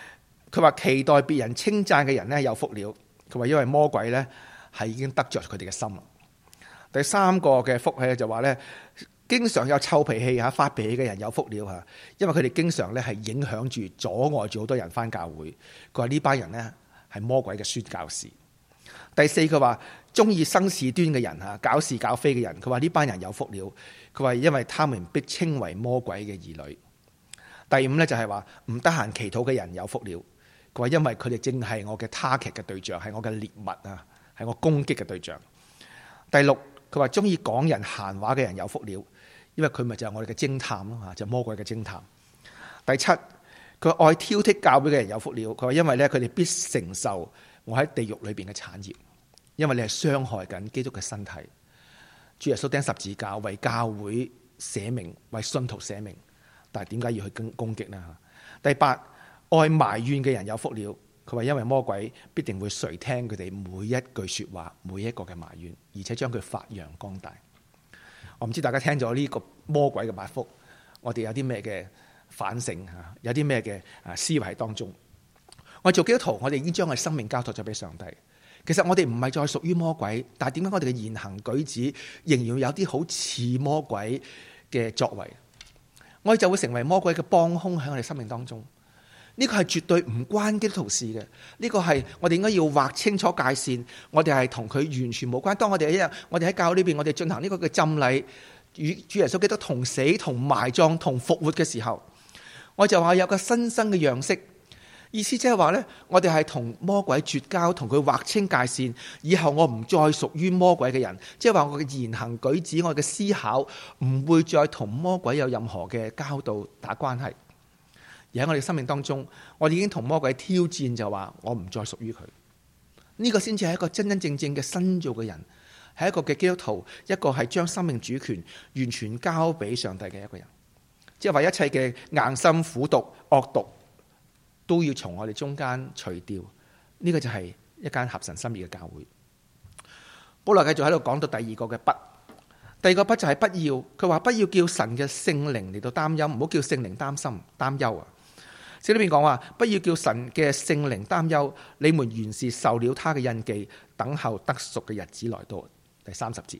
Speaker 1: 佢話期待別人稱讚嘅人咧，有福了，佢話因為魔鬼咧係已經得着佢哋嘅心。第三個嘅福氣就話咧，經常有臭脾氣吓發脾氣嘅人有福了吓，因為佢哋經常咧係影響住、阻礙住好多人返教會。佢話呢班人咧係魔鬼嘅宣教士。第四佢話中意生事端嘅人吓，搞事搞非嘅人，佢話呢班人有福了。佢話因為他們必稱為魔鬼嘅兒女。第五咧就係話唔得閒祈禱嘅人有福了。佢話因為佢哋正係我嘅 target 嘅對象，係我嘅獵物啊，係我攻擊嘅對象。第六，佢話中意講人閒話嘅人有福了，因為佢咪就係我哋嘅偵探咯，吓就是、魔鬼嘅偵探。第七，佢愛挑剔教會嘅人有福了。佢話因為咧，佢哋必承受我喺地獄裏邊嘅產業，因為你係傷害緊基督嘅身體。主耶穌釘十字架為教會捨命，為信徒捨命，但係點解要去攻攻擊呢？第八。愛埋怨嘅人有福了，佢話因為魔鬼必定會垂聽佢哋每一句說話，每一個嘅埋怨，而且將佢發揚光大。我唔知大家聽咗呢個魔鬼嘅八福，我哋有啲咩嘅反省啊？有啲咩嘅啊思維當中？我做基督徒，我哋已經將我哋生命交託咗俾上帝。其實我哋唔係再屬於魔鬼，但係點解我哋嘅言行舉止仍然有啲好似魔鬼嘅作為？我哋就會成為魔鬼嘅幫兇喺我哋生命當中。呢個係絕對唔關基督徒事嘅，呢、呢個係我哋應該要劃清楚界線。我哋係同佢完全冇關。當我哋喺我哋喺教呢邊，我哋進行呢個嘅浸禮與主耶穌基督同死、同埋葬、同復活嘅時候，我就話有一個新生嘅樣式。意思即係話呢，我哋係同魔鬼絕交，同佢劃清界線。以後我唔再屬於魔鬼嘅人，即係話我嘅言行舉止、我嘅思考唔會再同魔鬼有任何嘅交道打關係。而喺我哋生命當中，我哋已經同魔鬼挑戰，就話我唔再屬於佢。呢、這個先至係一個真真正正嘅新造嘅人，係一個嘅基督徒，一個係將生命主權完全交俾上帝嘅一個人。即係話一切嘅硬心、苦毒惡毒都要從我哋中間除掉。呢、這個就係一間合神心意嘅教會。保羅繼續喺度講到第二個嘅不，第二個不就係、是、不要。佢話不要叫神嘅聖靈嚟到擔憂，唔好叫聖靈擔心、擔憂啊！這裏邊講話，不要叫神嘅聖靈擔憂，你們原是受了他嘅印記，等候得贖嘅日子來到。第三十節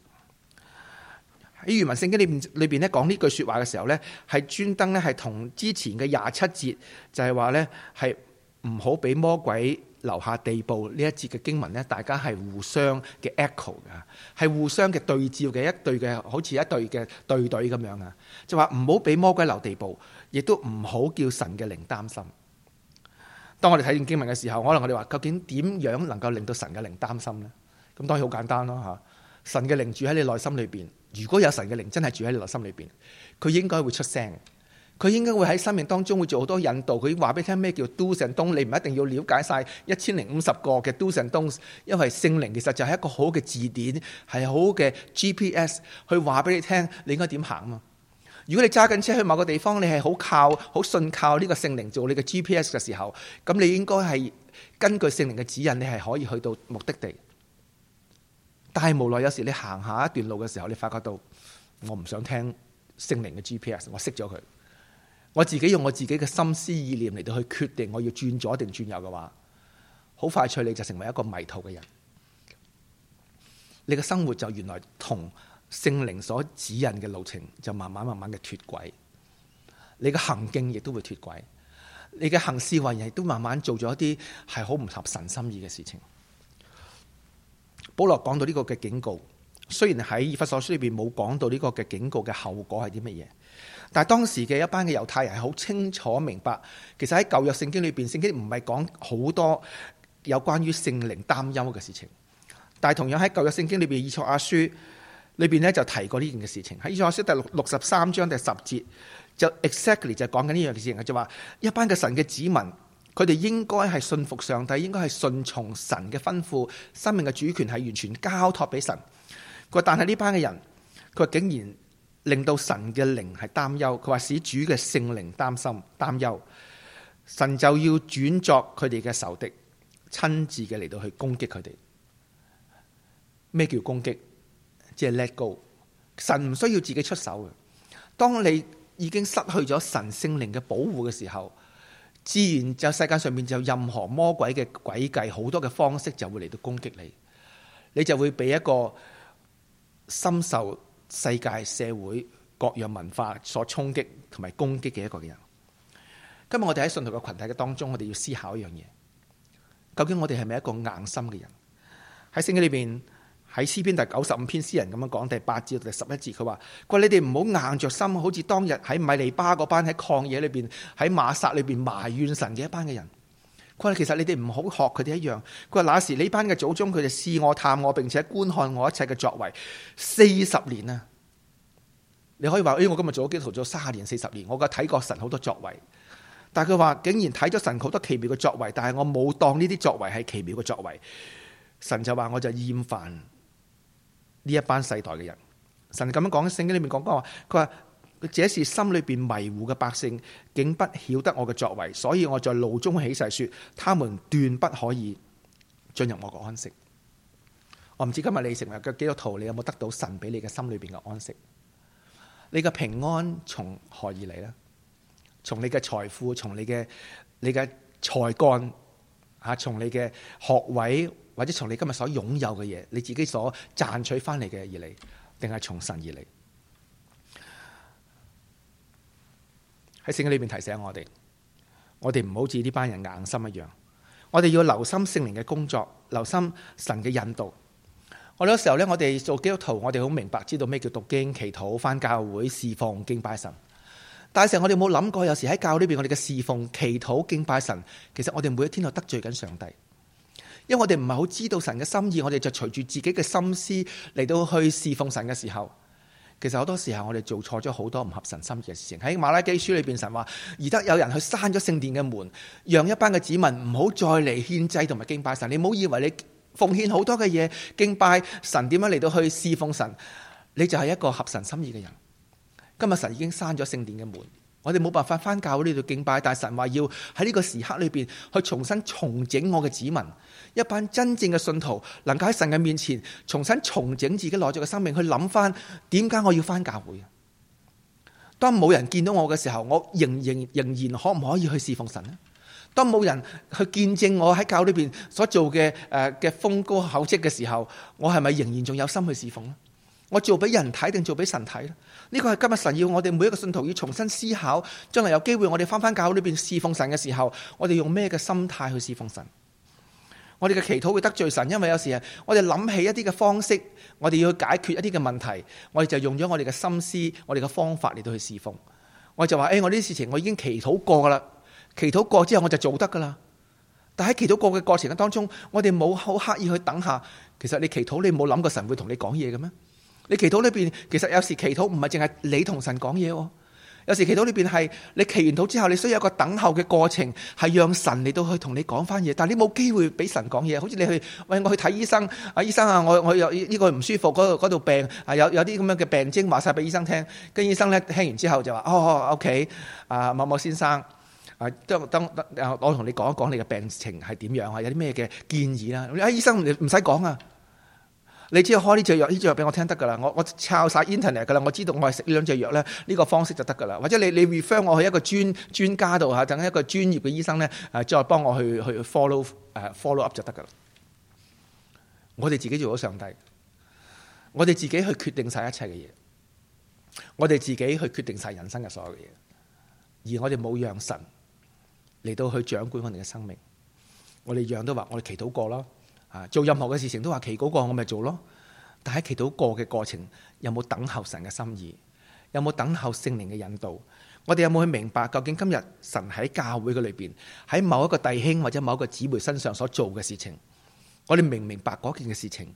Speaker 1: 喺原文聖經裏邊，裏邊咧講呢句說話嘅時候咧，係專登咧係同之前嘅廿七節就，就係話咧係唔好俾魔鬼留下地步呢一節嘅經文咧，大家係互相嘅 echo 噶，係互相嘅對照嘅一對嘅，好似一對嘅對對咁樣啊，就話唔好俾魔鬼留地步。亦都唔好叫神嘅靈擔心。當我哋睇見經文嘅時候，可能我哋話，究竟點樣能夠令到神嘅靈擔心呢？咁當然好簡單咯吓。神嘅靈住喺你內心裏邊，如果有神嘅靈真係住喺你內心裏邊，佢應該會出聲，佢應該會喺生命當中會做好多引導。佢話俾你聽咩叫 do and don't，你唔一定要了解晒一千零五十個嘅 do and don't，因為聖靈其實就係一個好嘅字典，係好嘅 GPS，去話俾你聽你應該點行啊。如果你揸緊車去某個地方，你係好靠好信靠呢個聖靈做你嘅 GPS 嘅時候，咁你應該係根據聖靈嘅指引，你係可以去到目的地。但係無奈有時你行下一段路嘅時候，你發覺到我唔想聽聖靈嘅 GPS，我熄咗佢。我自己用我自己嘅心思意念嚟到去決定我要轉左定轉右嘅話，好快脆你就成為一個迷途嘅人。你嘅生活就原來同。聖靈所指引嘅路程就慢慢慢慢嘅脫軌，你嘅行徑亦都會脫軌，你嘅行事為人亦都慢慢做咗一啲係好唔合神心意嘅事情。保羅講到呢個嘅警告，雖然喺以弗所書裏邊冇講到呢個嘅警告嘅後果係啲乜嘢，但係當時嘅一班嘅猶太人係好清楚明白。其實喺舊約聖經裏邊，聖經唔係講好多有關於聖靈擔憂嘅事情，但係同樣喺舊約聖經裏邊，以賽亞書。裏邊咧就提過呢件嘅事情，喺《以賽亞書》第六六十三章第十節，就 exactly 就講緊呢樣嘅事情，就話、是、一班嘅神嘅子民，佢哋應該係信服上帝，應該係順從神嘅吩咐，生命嘅主權係完全交託俾神。佢但係呢班嘅人，佢竟然令到神嘅靈係擔憂，佢話使主嘅聖靈擔心擔憂，神就要轉作佢哋嘅仇敵，親自嘅嚟到去攻擊佢哋。咩叫攻擊？嘅高，go, 神唔需要自己出手嘅。當你已經失去咗神聖靈嘅保護嘅時候，自然就世界上面就任何魔鬼嘅詭計，好多嘅方式就會嚟到攻擊你，你就會俾一個深受世界社會各樣文化所衝擊同埋攻擊嘅一個人。今日我哋喺信徒嘅群體嘅當中，我哋要思考一樣嘢：，究竟我哋係咪一個硬心嘅人？喺聖經裏邊。喺詩篇第九十五篇詩人咁樣講，第八至到第十一節，佢話：，佢話你哋唔好硬着心，好似當日喺米利巴嗰班喺曠野裏邊，喺瑪撒裏邊埋怨神嘅一班嘅人。佢話其實你哋唔好學佢哋一樣。佢話那時呢班嘅祖宗，佢哋試我探我，並且觀看我一切嘅作為，四十年啊！你可以話：，哎，我今日做咗基督徒咗卅年四十年，我嘅睇過神好多作為。但係佢話，竟然睇咗神好多奇妙嘅作為，但係我冇當呢啲作為係奇妙嘅作為。神就話：，我就厭煩。呢一班世代嘅人，神咁樣講，聖經裡面講過話，佢話這是心裡邊迷糊嘅百姓，竟不曉得我嘅作為，所以我在怒中起誓說，他們斷不可以進入我嘅安息。我唔知今日你成為嘅基督徒，你有冇得到神俾你嘅心裡邊嘅安息？你嘅平安從何而嚟呢？從你嘅財富，從你嘅你嘅才幹啊，從你嘅學位。或者從你今日所擁有嘅嘢，你自己所賺取返嚟嘅而嚟，定係從神而嚟？喺聖經裏邊提醒我哋，我哋唔好似呢班人硬心一樣，我哋要留心聖靈嘅工作，留心神嘅引導。我哋有時候咧，我哋做基督徒，我哋好明白知道咩叫讀經、祈禱、返教會、侍奉、敬拜神。但係成日我哋冇諗過，有時喺教呢邊，我哋嘅侍奉、祈禱、敬拜神，其實我哋每一天都得罪緊上帝。因為我哋唔係好知道神嘅心意，我哋就隨住自己嘅心思嚟到去侍奉神嘅時候，其實好多時候我哋做錯咗好多唔合神心意嘅事情。喺馬拉基書裏邊，神話而得有人去閂咗聖殿嘅門，讓一班嘅子民唔好再嚟獻祭同埋敬拜神。你唔好以為你奉獻好多嘅嘢，敬拜神點樣嚟到去侍奉神，你就係一個合神心意嘅人。今日神已經閂咗聖殿嘅門。我哋冇辦法翻教會呢度敬拜，但神話要喺呢個時刻裏邊去重新重整我嘅子民，一班真正嘅信徒能夠喺神嘅面前重新重整自己內在嘅生命，去諗翻點解我要翻教會。當冇人見到我嘅時候，我仍然仍然可唔可以去侍奉神呢？當冇人去見證我喺教裏邊所做嘅誒嘅豐高厚積嘅時候，我係咪仍然仲有心去侍奉呢？我做俾人睇定做俾神睇呢？呢個係今日神要我哋每一個信徒要重新思考，將來有機會我哋翻返教會裏邊侍奉神嘅時候，我哋用咩嘅心態去侍奉神？我哋嘅祈禱會得罪神，因為有時我哋諗起一啲嘅方式，我哋要去解決一啲嘅問題，我哋就用咗我哋嘅心思、我哋嘅方法嚟到去侍奉。我就話：誒，我呢啲事情我已經祈禱過噶啦，祈禱過之後我就做得噶啦。但喺祈禱過嘅過程當中，我哋冇好刻意去等下。其實你祈禱你冇諗過神會同你講嘢嘅咩？你祈禱裏邊，其實有時祈禱唔係淨係你同神講嘢，有時祈禱裏邊係你祈完禱之後，你需要一個等候嘅過程，係讓神嚟到去同你講翻嘢。但係你冇機會俾神講嘢，好似你去喂我去睇醫生，啊醫生啊，我我有呢個唔舒服，嗰度嗰度病啊，有有啲咁樣嘅病徵，話晒俾醫生聽。跟醫生咧聽完之後就話，哦 O K，啊某某先生，啊等等，我同你講一講你嘅病情係點樣啊，有啲咩嘅建議啦。啊醫生你唔使講啊。你只要開呢隻藥，呢隻藥俾我聽得噶啦我我抄晒 internet 噶啦我知道我係食呢兩隻藥咧呢個方式就得噶啦或者你你 refer 我去一個專專家度吓，等一個專業嘅醫生咧誒再幫我去去 follow 誒、uh, follow up 就得噶啦我哋自己做咗上帝，我哋自己去決定晒一切嘅嘢，我哋自己去決定晒人生嘅所有嘅嘢，而我哋冇讓神嚟到去掌管我哋嘅生命，我哋樣都話我哋祈禱過咯。啊！做任何嘅事情都話祈嗰個，我咪做咯。但喺祈禱過嘅過程，有冇等候神嘅心意？有冇等候聖靈嘅引導？我哋有冇去明白究竟今日神喺教會嘅裏邊，喺某一個弟兄或者某一個姊妹身上所做嘅事情？我哋明唔明白嗰件嘅事情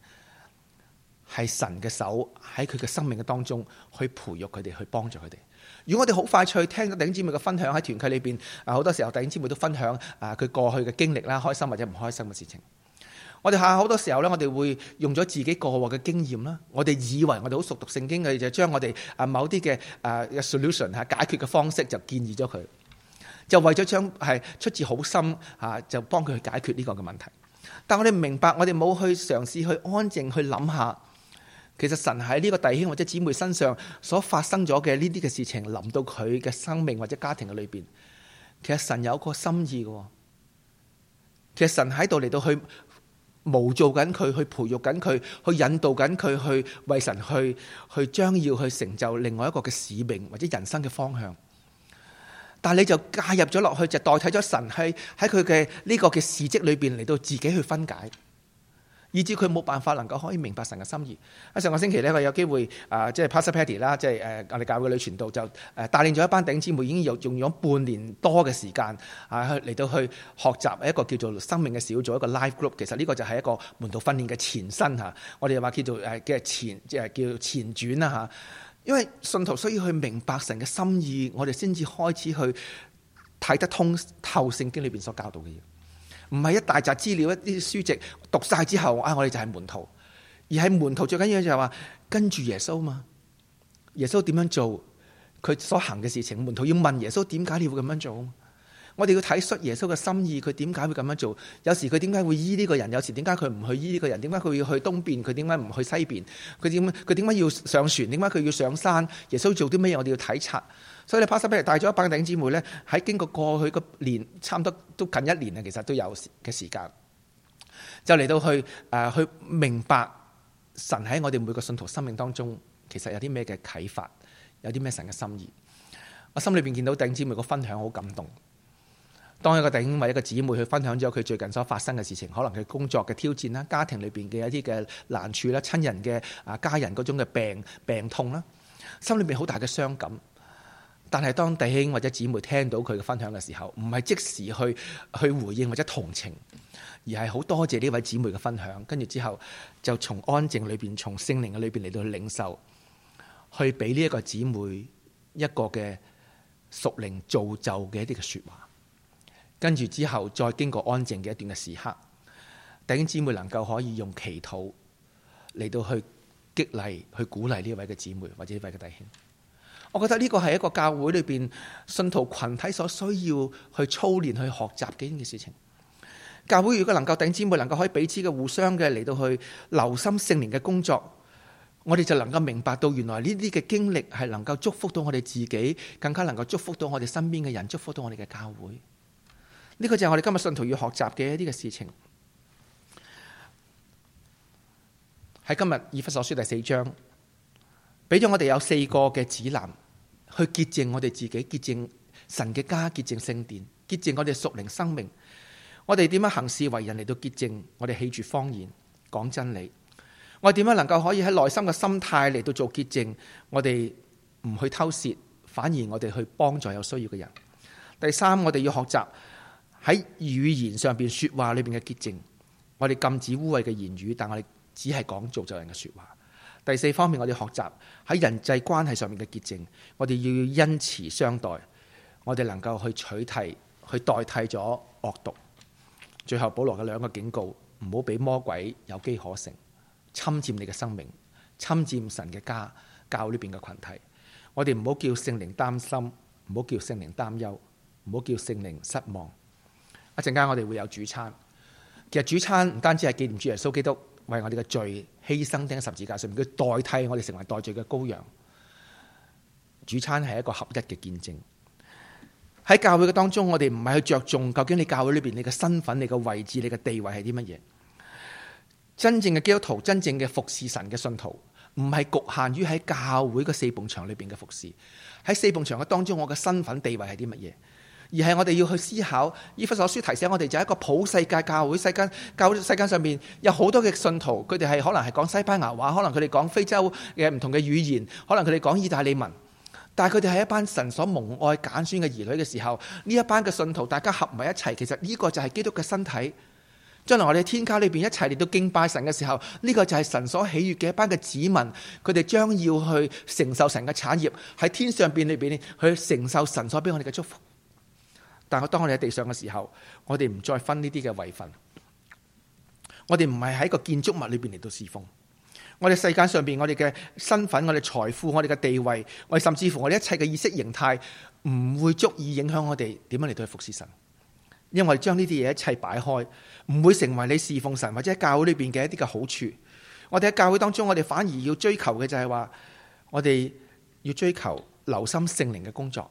Speaker 1: 係神嘅手喺佢嘅生命嘅當中去培育佢哋，去幫助佢哋？如果我哋好快脆聽弟兄姊妹嘅分享喺團契裏邊，啊，好多時候弟兄姊妹都分享啊，佢過去嘅經歷啦，開心或者唔開心嘅事情。我哋下好多時候咧，我哋會用咗自己過往嘅經驗啦。我哋以為我哋好熟讀聖經嘅，就將我哋啊某啲嘅啊 solution 吓解決嘅方、方式就建議咗佢。就為咗將係出自好心吓，就幫佢去解決呢個嘅問題。但我哋唔明白，我哋冇去嘗試去安靜去諗下，其實神喺呢個弟兄或者姊妹身上所發生咗嘅呢啲嘅事情，臨到佢嘅生命或者家庭嘅裏邊，其實神有個心意嘅。其實神喺度嚟到去。無做緊佢，去培育緊佢，去引導緊佢，去為神去，去將要去成就另外一個嘅使命或者人生嘅方向。但係你就介入咗落去，就代替咗神喺喺佢嘅呢個嘅事跡裏邊嚟到自己去分解。以致佢冇辦法能夠可以明白神嘅心意。喺上個星期呢，我有機會啊，即係 Pastor Patty 啦，即係誒我哋教會女傳道就誒帶領咗一班頂姊妹，已經用用咗半年多嘅時間啊嚟到去學習一個叫做生命嘅小組，一個 Life Group。其實呢個就係一個門徒訓練嘅前身吓。我哋又話叫做誒嘅前，即係叫前傳啦吓。因為信徒需要去明白神嘅心意，我哋先至開始去睇得通透聖經裏邊所教導嘅嘢。唔係一大紮資料，一啲書籍讀晒之後，啊，我哋就係門徒。而喺門徒最緊要就係話跟住耶穌嘛。耶穌點樣做，佢所行嘅事情，門徒要問耶穌點解你會咁樣做。我哋要睇出耶穌嘅心意，佢點解會咁樣做？有時佢點解會醫呢個人？有時點解佢唔去醫呢個人？點解佢要去東邊？佢點解唔去西邊？佢點佢點解要上船？點解佢要上山？耶穌做啲咩嘢？我哋要睇察。所以你帕斯比帶咗一班嘅弟兄姊妹呢，喺經過過去個年，差唔多都近一年啊，其實都有嘅時間，就嚟到去誒、呃，去明白神喺我哋每個信徒生命當中，其實有啲咩嘅啟發，有啲咩神嘅心意。我心裏邊見到弟兄姊妹個分享好感動。當一個弟兄或一個姊妹去分享咗佢最近所發生嘅事情，可能佢工作嘅挑戰啦，家庭裏邊嘅一啲嘅難處啦，親人嘅啊家人嗰種嘅病病痛啦，心裏面好大嘅傷感。但係當弟兄或者姊妹聽到佢嘅分享嘅時候，唔係即時去去回應或者同情，而係好多謝呢位姊妹嘅分享。跟住之後就從安靜裏邊，從聖靈嘅裏邊嚟到領受去俾呢一個姊妹一個嘅屬靈造就嘅一啲嘅說話。跟住之後，再經過安靜嘅一段嘅時刻，弟兄姊妹能夠可以用祈禱嚟到去激勵、去鼓勵呢位嘅姊妹或者呢位嘅弟兄。我覺得呢個係一個教會裏邊信徒群體所需要去操練、去學習嘅一件事情。教會如果能夠弟兄姊妹能夠可以彼此嘅互相嘅嚟到去留心聖靈嘅工作，我哋就能夠明白到原來呢啲嘅經歷係能夠祝福到我哋自己，更加能夠祝福到我哋身邊嘅人，祝福到我哋嘅教會。呢個就係我哋今日信徒要學習嘅一啲嘅事情。喺今日以弗所書第四章，俾咗我哋有四個嘅指南，去潔淨我哋自己，潔淨神嘅家，潔淨聖殿，潔淨我哋屬靈生命。我哋點樣行事為人嚟到潔淨？我哋棄住謊言，講真理。我哋點樣能夠可以喺內心嘅心態嚟到做潔淨？我哋唔去偷竊，反而我哋去幫助有需要嘅人。第三，我哋要學習。喺語言上邊，說話裏邊嘅潔淨，我哋禁止污穢嘅言語，但我哋只係講造就人嘅說話。第四方面，我哋學習喺人際關係上面嘅潔淨，我哋要恩慈相待，我哋能夠去取替去代替咗惡毒。最後，保羅嘅兩個警告，唔好俾魔鬼有機可乘，侵佔你嘅生命，侵佔神嘅家，教呢邊嘅群體。我哋唔好叫聖靈擔心，唔好叫聖靈擔憂，唔好叫聖靈失望。一陣間我哋會有主餐，其實主餐唔單止係紀念主耶穌基督為我哋嘅罪犧牲釘，十字架上面，佢代替我哋成為代罪嘅羔羊。主餐係一個合一嘅見證。喺教會嘅當中，我哋唔係去着重究竟你教會裏邊你嘅身份、你嘅位置、你嘅地位係啲乜嘢？真正嘅基督徒、真正嘅服侍神嘅信徒，唔係局限於喺教會嘅四埲牆裏邊嘅服侍。喺四埲牆嘅當中，我嘅身份地位係啲乜嘢？而係我哋要去思考，《以弗所書》提醒我哋就係、是、一個普世界教會世間、教會世界教世界上面有好多嘅信徒，佢哋係可能係講西班牙話，可能佢哋講非洲嘅唔同嘅語言，可能佢哋講意大利文，但係佢哋係一班神所蒙愛揀選嘅兒女嘅時候，呢一班嘅信徒大家合埋一齊，其實呢個就係基督嘅身體。將來我哋喺天家裏邊一齊嚟到敬拜神嘅時候，呢、這個就係神所喜悅嘅一班嘅子民，佢哋將要去承受神嘅產業喺天上邊裏邊，去承受神所俾我哋嘅祝福。但係當我哋喺地上嘅時候，我哋唔再分呢啲嘅位份，我哋唔係喺個建築物裏邊嚟到侍奉，我哋世界上邊我哋嘅身份、我哋財富、我哋嘅地位，我哋甚至乎我哋一切嘅意識形態，唔會足以影響我哋點樣嚟到去服侍神。因為將呢啲嘢一切擺開，唔會成為你侍奉神或者喺教會裏邊嘅一啲嘅好處。我哋喺教會當中，我哋反而要追求嘅就係話，我哋要追求留心聖靈嘅工作。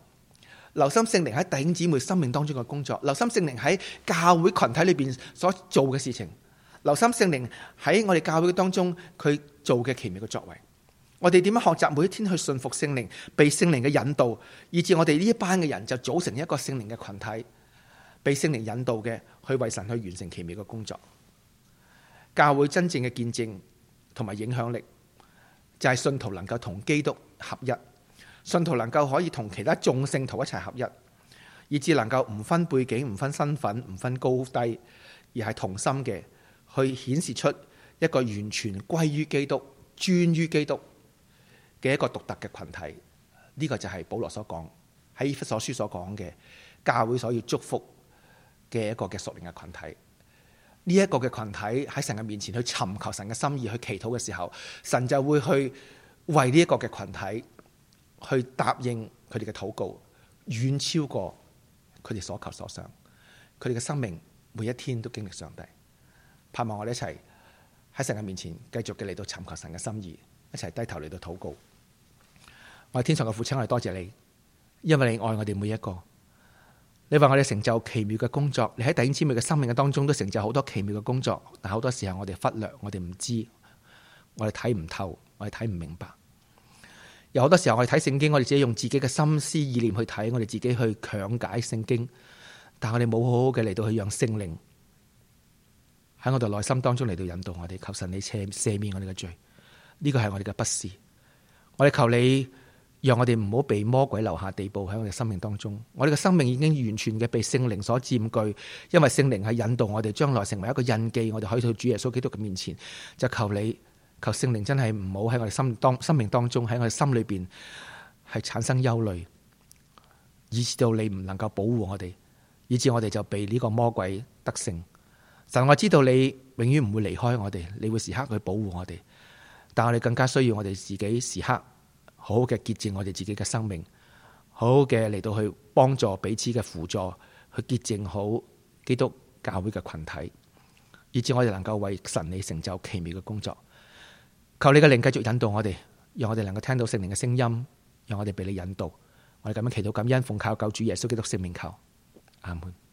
Speaker 1: 留心聖靈喺弟兄姊妹生命當中嘅工作，留心聖靈喺教會群體裏邊所做嘅事情，留心聖靈喺我哋教會當中佢做嘅奇妙嘅作為。我哋點樣學習每一天去順服聖靈，被聖靈嘅引導，以至我哋呢一班嘅人就組成一個聖靈嘅群體，被聖靈引導嘅去為神去完成奇妙嘅工作。教會真正嘅見證同埋影響力，就係信徒能夠同基督合一。信徒能夠可以同其他眾聖徒一齊合一，以致能夠唔分背景、唔分身份、唔分高低，而係同心嘅，去顯示出一個完全歸於基督、專於基督嘅一個獨特嘅群體。呢個就係保羅所講喺弗所書所講嘅教會所要祝福嘅一個嘅屬靈嘅群體。呢一個嘅群體喺神嘅面前去尋求神嘅心意去祈禱嘅時候，神就會去為呢一個嘅群體。去答應佢哋嘅禱告，遠超過佢哋所求所想。佢哋嘅生命每一天都經歷上帝，盼望我哋一齊喺神嘅面前繼續嘅嚟到尋求神嘅心意，一齊低頭嚟到禱告。我哋天上嘅父親，我哋多謝你，因為你愛我哋每一個。你為我哋成就奇妙嘅工作，你喺弟兄姊妹嘅生命嘅當中都成就好多奇妙嘅工作，但好多時候我哋忽略，我哋唔知，我哋睇唔透，我哋睇唔明白。有好多時候我哋睇聖經，我哋自己用自己嘅心思意念去睇，我哋自己去強解聖經，但我哋冇好好嘅嚟到去讓聖靈喺我哋內心當中嚟到引導我哋，求神你赦赦免我哋嘅罪，呢個係我哋嘅不是。我哋求你讓我哋唔好被魔鬼留下地步喺我哋生命當中，我哋嘅生命已經完全嘅被聖靈所佔據，因為聖靈係引導我哋將來成為一個印記，我哋可以去到主耶穌基督嘅面前，就求你。求聖靈真係唔好喺我哋心當生命當中，喺我哋心裏邊係產生憂慮，以至到你唔能夠保護我哋，以至我哋就被呢個魔鬼得勝。但我知道你永遠唔會離開我哋，你會時刻去保護我哋。但我哋更加需要我哋自己時刻好好嘅潔淨我哋自己嘅生命，好好嘅嚟到去幫助彼此嘅輔助，去潔淨好基督教會嘅群體，以至我哋能夠為神你成就奇妙嘅工作。求你嘅靈繼續引導我哋，讓我哋能夠聽到聖靈嘅聲音，讓我哋畀你引導。我哋咁樣祈禱感恩，奉靠救主耶穌基督聖名求，阿門。